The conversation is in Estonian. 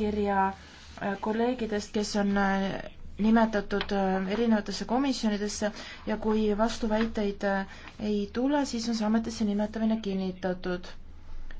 kirja äh, kolleegidest, kes on äh, nimetatud äh, erinevatesse komisjonidesse ja kui vastuväiteid ei tule, siis on see ametisse nimetamine kinnitatud